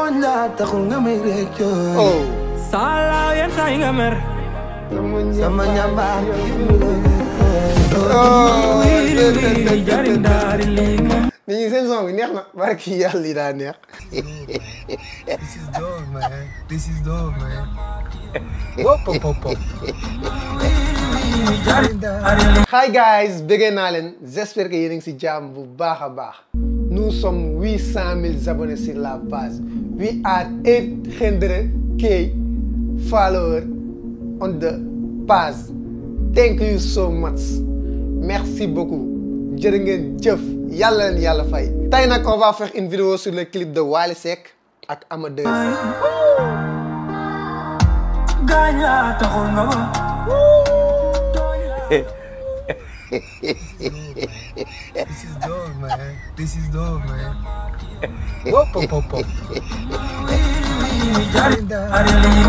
woon la taxul nga may yan song na barki yàlla this is dope man this is dope man hi guys Big Allen. Zesper j'espère que si jàmm bu bah. Nous sommes 800 000 abonnés sur la base. We are 800k followers on the base. Thank you so much. Merci beaucoup. jërë ngeen Yalan yàlla leen fay. on va faire une vidéo sur le clip de Wally Seck ak this is dope, man. This is dope, man. Whoa, pop, pop, pop. Arelim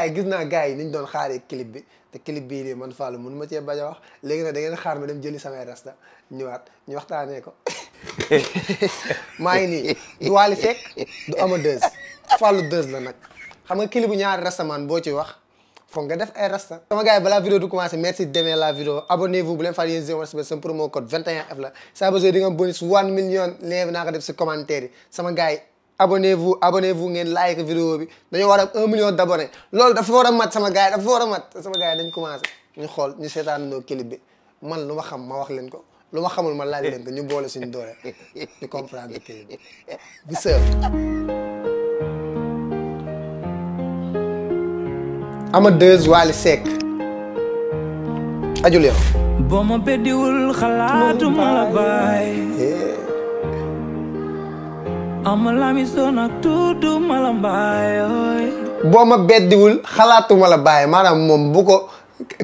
gars gis naa gars yi niñ doon xaaree clip bi te clip bii nii man Fallou mënu ma cee bañ a wax léegi nag da xaar ma dem jëli samay rasta ñu waxtaanee ko maa ngi nii du Wally Seck du Ama 2 Fallou 2 la nag xam nga clip bu ñaari rastaman boo ci wax foog nga def ay rasta sama gars balaa vidéo du commencé merci d'aimer la vidéo abonnez-vous bu leen fàtte yéen zéro respect sama promo code 21F la saa ba di nga am bonus 1 million léegi naa ko def si commentaire yi sama gars yi abonnez-vous abonnez-vous ngeen like vidéo bi dañoo war a un million d'abonnés loolu dafa war a mat sama gaa yi dafa war a mat sama gars yi dañ commencé ñu xool ñu seetaanandoo clip bi man lu ma xam ma wax leen ko lu ma xamul ma laaj leen ko ñu boole suñu doole ñu comprendre clip bi bi sœur ama deux Wally Seck ajul yow boo ma beddiwul xalaatuma la baay boo ma beddiwul xalaatuma la bàyyi maanaam moom bu ko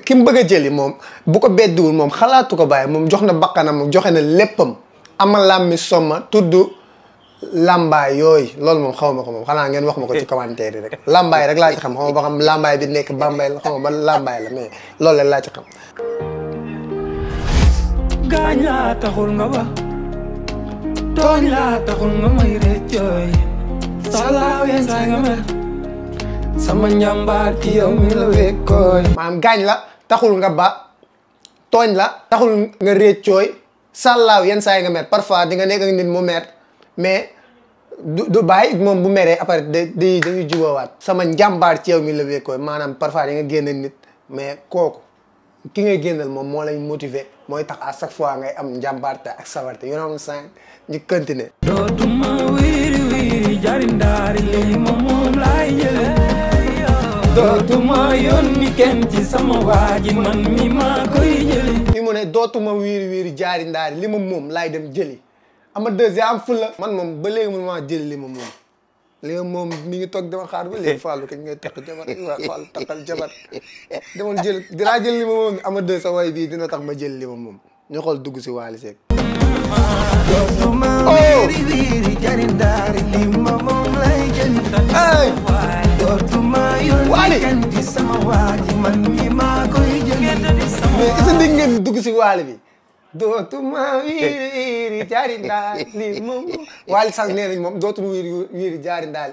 ki bëgg a jëli moom bu ko beddiwul moom xalaatu ko bàyyi moom jox na bakkanam joxe na léppam ama làmmi somma tudd làmbaay yooyu loolu moom xaw ma ko moom xalaa ngeen wax ma ko ci commentaire yi rek làmbaay rek laa ci xam xaw ma ba xam làmbaay bi nekk bàmbaay la xaw ma ba làmbaay la mais loolu rek laa ci xam tooñ laa taxul nga may rëccooy salaawee saa nga mel sama njàmbaar ci yow mi la wekkooy maam gaañ la taxul nga ba tooñ la taxul nga rëccooy sàllaaw yenn saa yi nga mer parfois di nga nekk ak nit mu mer mais du du bàyyi bu meree après day dañuy jubawaat sama ci yow mi la parfois di nga nit mais kooku ki ngay génnal moom moo lay motiver mooy tax à chaque fois ngay am njàmbaarte ak sawarte you know what I'm saying ñu continuer dootuma wiiri wiiri jari ndaari lii moom moom laay jële dootuma yónni kenn ci sama waa mi mu ne dootuma wiiri wiiri jaari li ma moom laay dem jëli ama deuxième ful la man moom ba mun maa jëli li ma moom léegi moom mi ngi toog dama xaar ba léegi Fallou kañ ngay takk jabar waaw Fallou takkal jabar demal jël dinaa jël li ma moom ama deux sa way bii dina tax ma jël li ma moom ñu xool dugg si Wally Seck oh! Wally mais est-ce que dégg ngeen dugg si bi dootuma wiiri wiiri eh. jaari ndaal lii moom Wally Seck nee moom dootuma wiiri wiiri jaari ndaal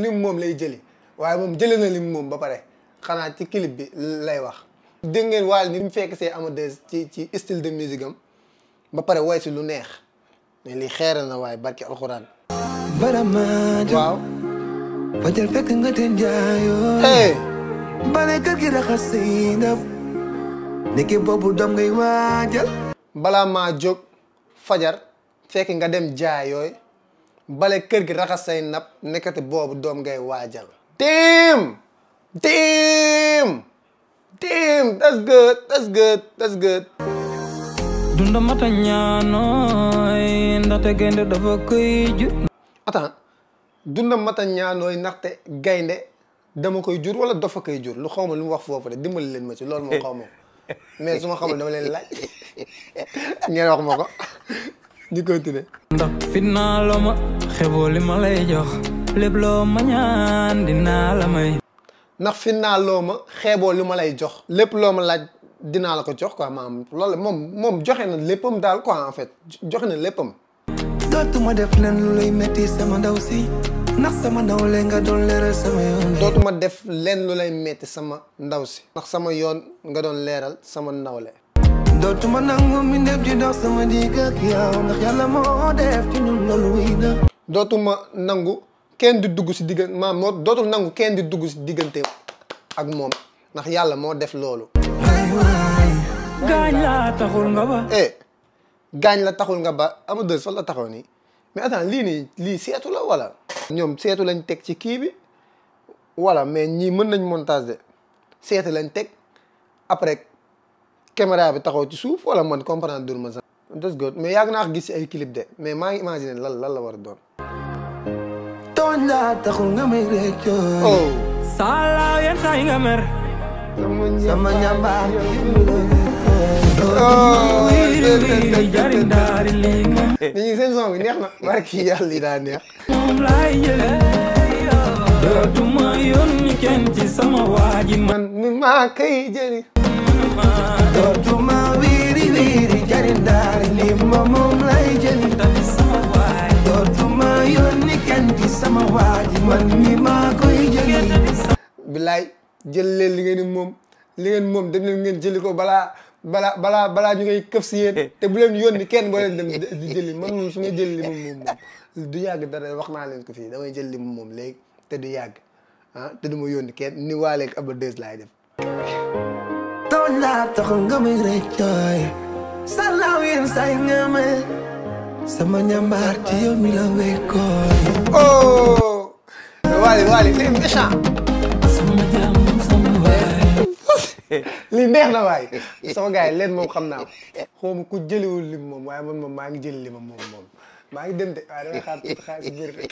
li moom lay jëli waaye moom jëli na lim moom ba pare xanaa ci clip bi lay wax dégg ngeen Wally ni mu fekk see Amadeus ci ci style de musique am ba pare way si lu neex mais lii xeere na waaye barki alxuraan baramaad waaw fajar fekk nga teen jaayoo bale kër gi raxas say ndaf nekki ngay waajal balaa maa jóg fajar fekk nga dem jaay yooyu bale kër gi raxas say nap nekkati boobu doom ngay waajal damn damn damn that's good that's good that's good dunda mata ñaanooy ndaxte gaynde dafa koy jur attends dunda mata ñaanooy jur lu xaw ma lu wax foofu de dimbali leen ma ci loolu moo xaw ma mais su ma xamul dama leen laaj ngeen ma ko di continuer ndax finaa loo loo ma ñaan dinaa la may ndax finaa loo ma xeeboo li ma lay jox lépp loo ma laaj dinaa la ko jox ko maam loolu moom moom joxe na léppam daal ko en fait joxe na léppam dootuma def leen lu lay metti sama ndaw si ndax sama ndaw lay nga doon leeral sama yoon dootuma def leen lu lay metti sama ndaw si ndax sama yoon nga doon leeral sama ndawle dootuma nangu mi ndef di sama digg nangu kenn di dugg si diggante maam dootul nangu kenn di dugg si diggante ak moom ndax yàlla moo def loolu gaañ laa taxul nga ba eh. gaañ la taxul nga ba ama deux fan la taxaw nii mais attends lii ni lii seetu la wala. ñoom seetu lañ teg ci kii bi wala mais ñii mën nañ montage de seetu lañ teg après caméra bi taxaw ci suuf wala man comprendre dur ma sax. that's good mais yàgg naa gis si ay clip mais maa ngi lan lan la war a doon. tooñ laa taxul dañuy seen song bi neex man mi maa koy jëli dootuma wiiri moom lay leen li ngeen moom li ngeen ko bala balaa balaa balaa ñu ngay këf si yéen te bu leen yónni kenn boo leen dem di jëli su may jël li moom du yàgg wax naa leen ko fii damay jël li moom moom léegi te du yàgg ah, te du ma yónni kenn ni waaleeg aba deux laay dem toon naa tax nga may rëctooy sa say nga ma sama ñambaar ci yow mi la wékkooy oh waale waale c'est méchant lii neex na waay sama gars yi leen moom xam naa xaw ku jëliwul lim moom waaye moom maa ngi jëli limam moom moom maa ngi dem de waaye damay xaar tuuti xaalis biir rek